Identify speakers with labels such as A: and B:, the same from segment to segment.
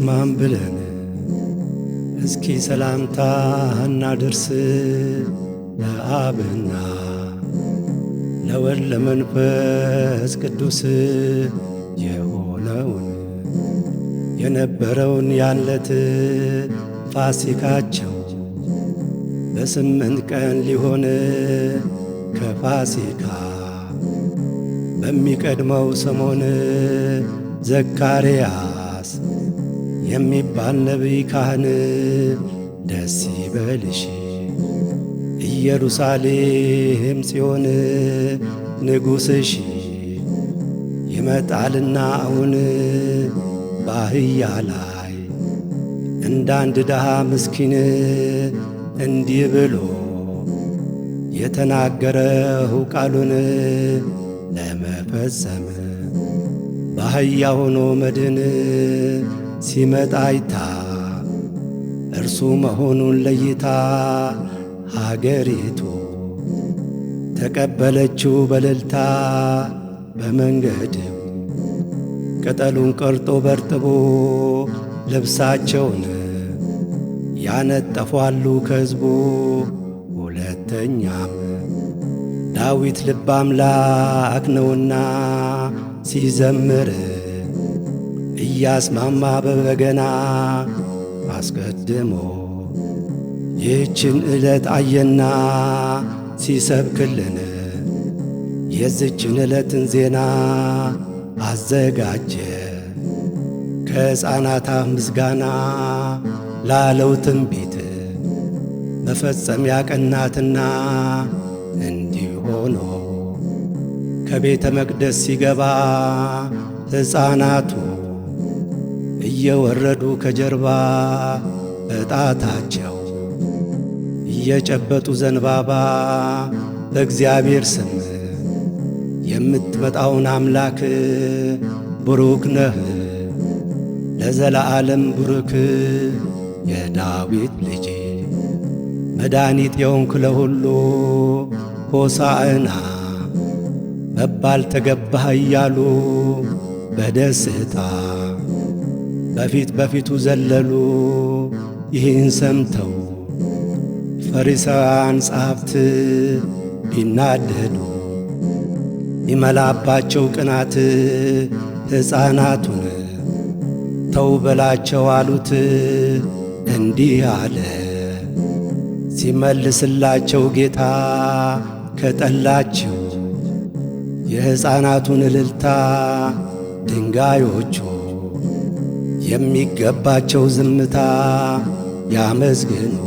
A: እንስማም ብለን እስኪ ሰላምታ እናድርስ ለአብና ለወል ለመንፈስ ቅዱስ የሆነውን የነበረውን ያለት ፋሲካቸው በስምንት ቀን ሊሆን ከፋሲካ በሚቀድመው ሰሞን ዘካርያ የሚባል ነቢይ ካህን ደስ ይበልሽ ኢየሩሳሌም ጽዮን ንጉሥሽ ይመጣልና አሁን ባህያ ላይ እንዳንድ ድሃ ምስኪን እንዲህ ብሎ የተናገረው ቃሉን ለመፈጸም ባህያ ሆኖ መድን ሲመጣ አይታ እርሱ መሆኑን ለይታ ሀገሪቱ ተቀበለችው በልልታ በመንገድም ቅጠሉን ቀርጦ በርጥቦ ልብሳቸውን ያነጠፏሉ ከሕዝቡ ሁለተኛም ዳዊት ልብ አምላክ ነውና ሲዘምርም!። እያስማማ በበገና አስቀድሞ ይህችን ዕለት አየና ሲሰብክልን የዝችን ዕለትን ዜና አዘጋጀ ከሕፃናታ ምስጋና ላለው ትንቢት መፈጸም ያቀናትና እንዲሆኖ ከቤተ መቅደስ ሲገባ ሕፃናቱ እየወረዱ ከጀርባ እጣታቸው እየጨበጡ ዘንባባ በእግዚአብሔር ስም የምትመጣውን አምላክ ብሩክ ነህ ለዘለዓለም ብሩክ የዳዊት ልጅ መድኃኒት የሆንክ ለሁሉ ሆሳዕና መባል ተገባህ እያሉ በደስታ በፊት በፊቱ ዘለሉ። ይህን ሰምተው ፈሪሳውያን ጸሐፍት ቢናደዱ ይመላባቸው ቅናት ሕፃናቱን ተው በላቸው አሉት። እንዲህ አለ ሲመልስላቸው ጌታ ከጠላችው የሕፃናቱን እልልታ ድንጋዮቹ የሚገባቸው ዝምታ ያመስግኑ።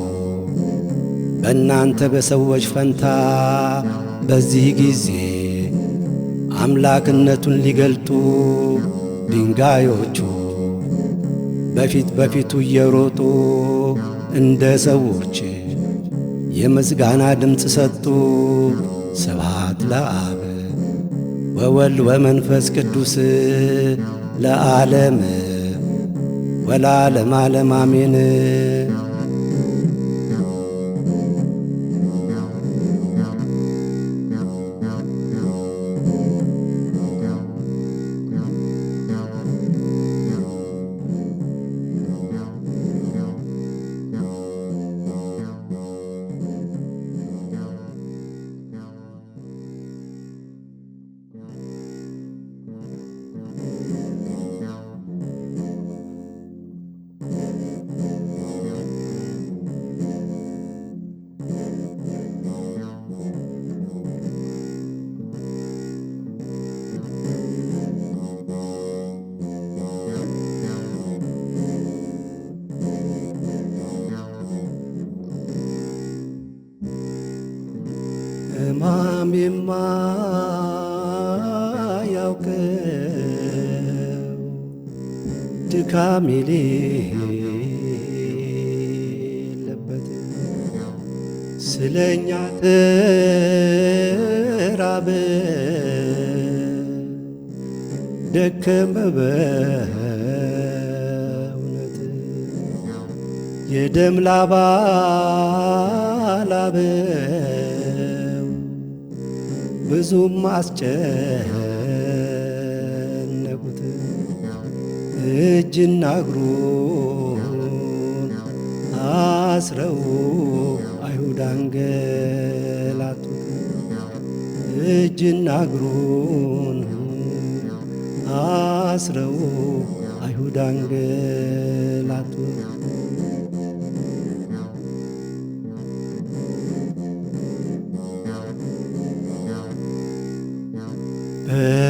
A: በእናንተ በሰዎች ፈንታ በዚህ ጊዜ አምላክነቱን ሊገልጡ ድንጋዮቹ በፊት በፊቱ እየሮጡ እንደ ሰዎች የምስጋና ድምፅ ሰጡ። ስብሐት ለአብ ወወልድ ወመንፈስ ቅዱስ ለዓለምን ወላለም ዓለም አሜን።
B: ሕማም የማያውቀው ድካም የሌለበት ስለኛ ተራበ ደከመ በእውነት የደም ላባ ላበ ብዙም አስጨነቁት እጅና እግሩን አስረው አይሁድ አንገላቱት እጅና እግሩን አስረው አይሁድ አንገላቱት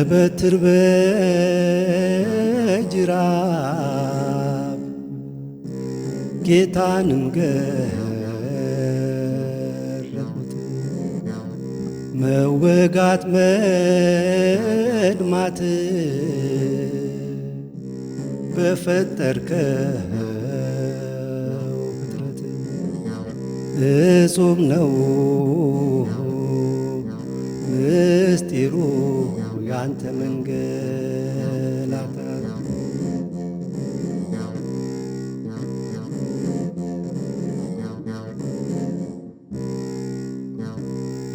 B: በበትር በጅራፍ ጌታንም ገረፉት። መወጋት መድማት በፈጠርከው ፍጥረት እጹም ነው ምስጢሩ ያንተ መንገላታት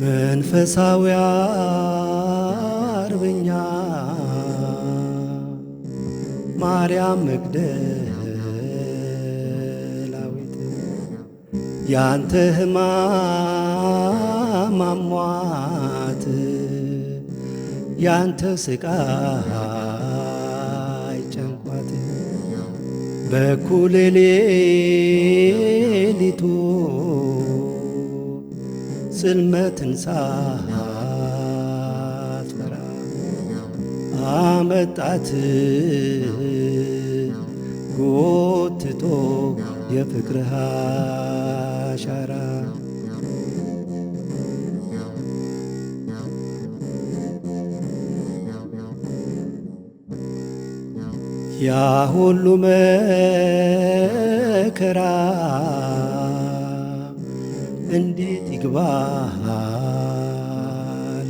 B: መንፈሳዊ አርበኛ ማርያም መግደላዊት ያንተ ህማማሟት ያንተ ስቃይ ጨንቋት በኩለ ሌሊቱ ጽልመትን ሳትፈራ አመጣት ጎትቶ የፍቅርህ አሻራ ያ ሁሉ መከራ እንዴት ይግባ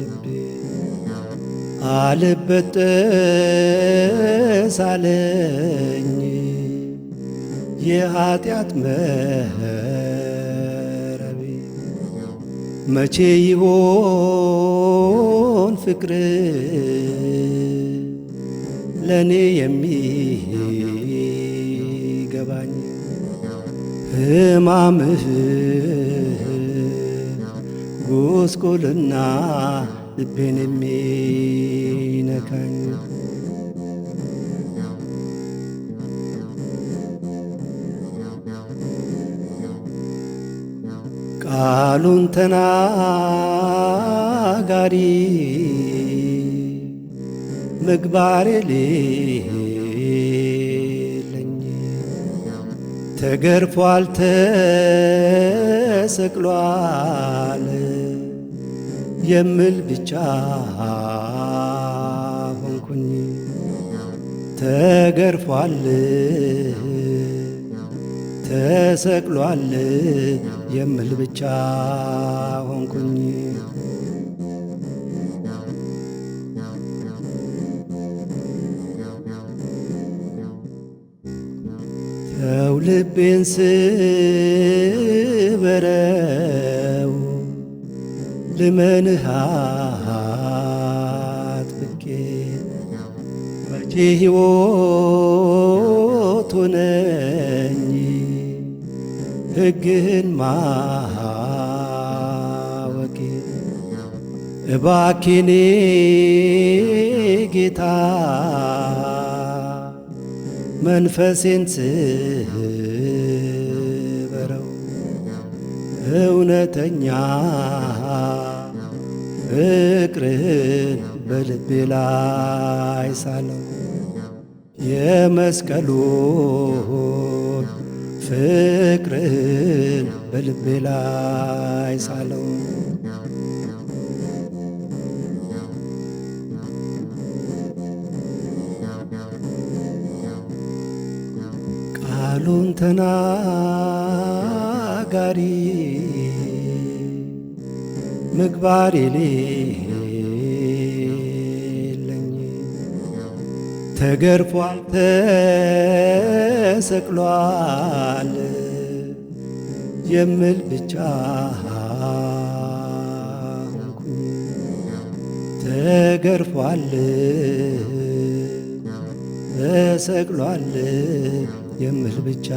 B: ልቤ አልበጠስ አለኝ የኃጢአት መረቤ መቼ ይሆን ፍቅር ለእኔ የሚ ሕማምህ ጉስቁልና ልቤን የሚነካኝ ቃሉን ተናጋሪ ምግባር ሌ ተገርፏል፣ ተሰቅሏል የምል ብቻ ሆንኩኝ። ተገርፏል፣ ተሰቅሏል የምል ብቻ ሆንኩኝ። ሰው ልቤን ስበረው ልመንሃት አጥብቄ መቼ ሕይወት ሆነኝ ሕግህን ማወቄ እባኪኔ ጌታ መንፈሴን ስበረው እውነተኛ ፍቅርን በልቤ ላይ ሳለው የመስቀሉን ፍቅርን በልቤ ላይ ሳለው ቃሉን ተናጋሪ ምግባር የሌለኝ ተገርፏል፣ ተሰቅሏል የምል ብቻ ተገርፏል ተሰቅሏል የምል ብቻ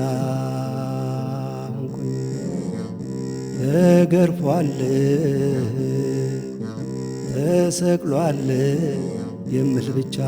B: ተገርፏል ተሰቅሏል የምል ብቻ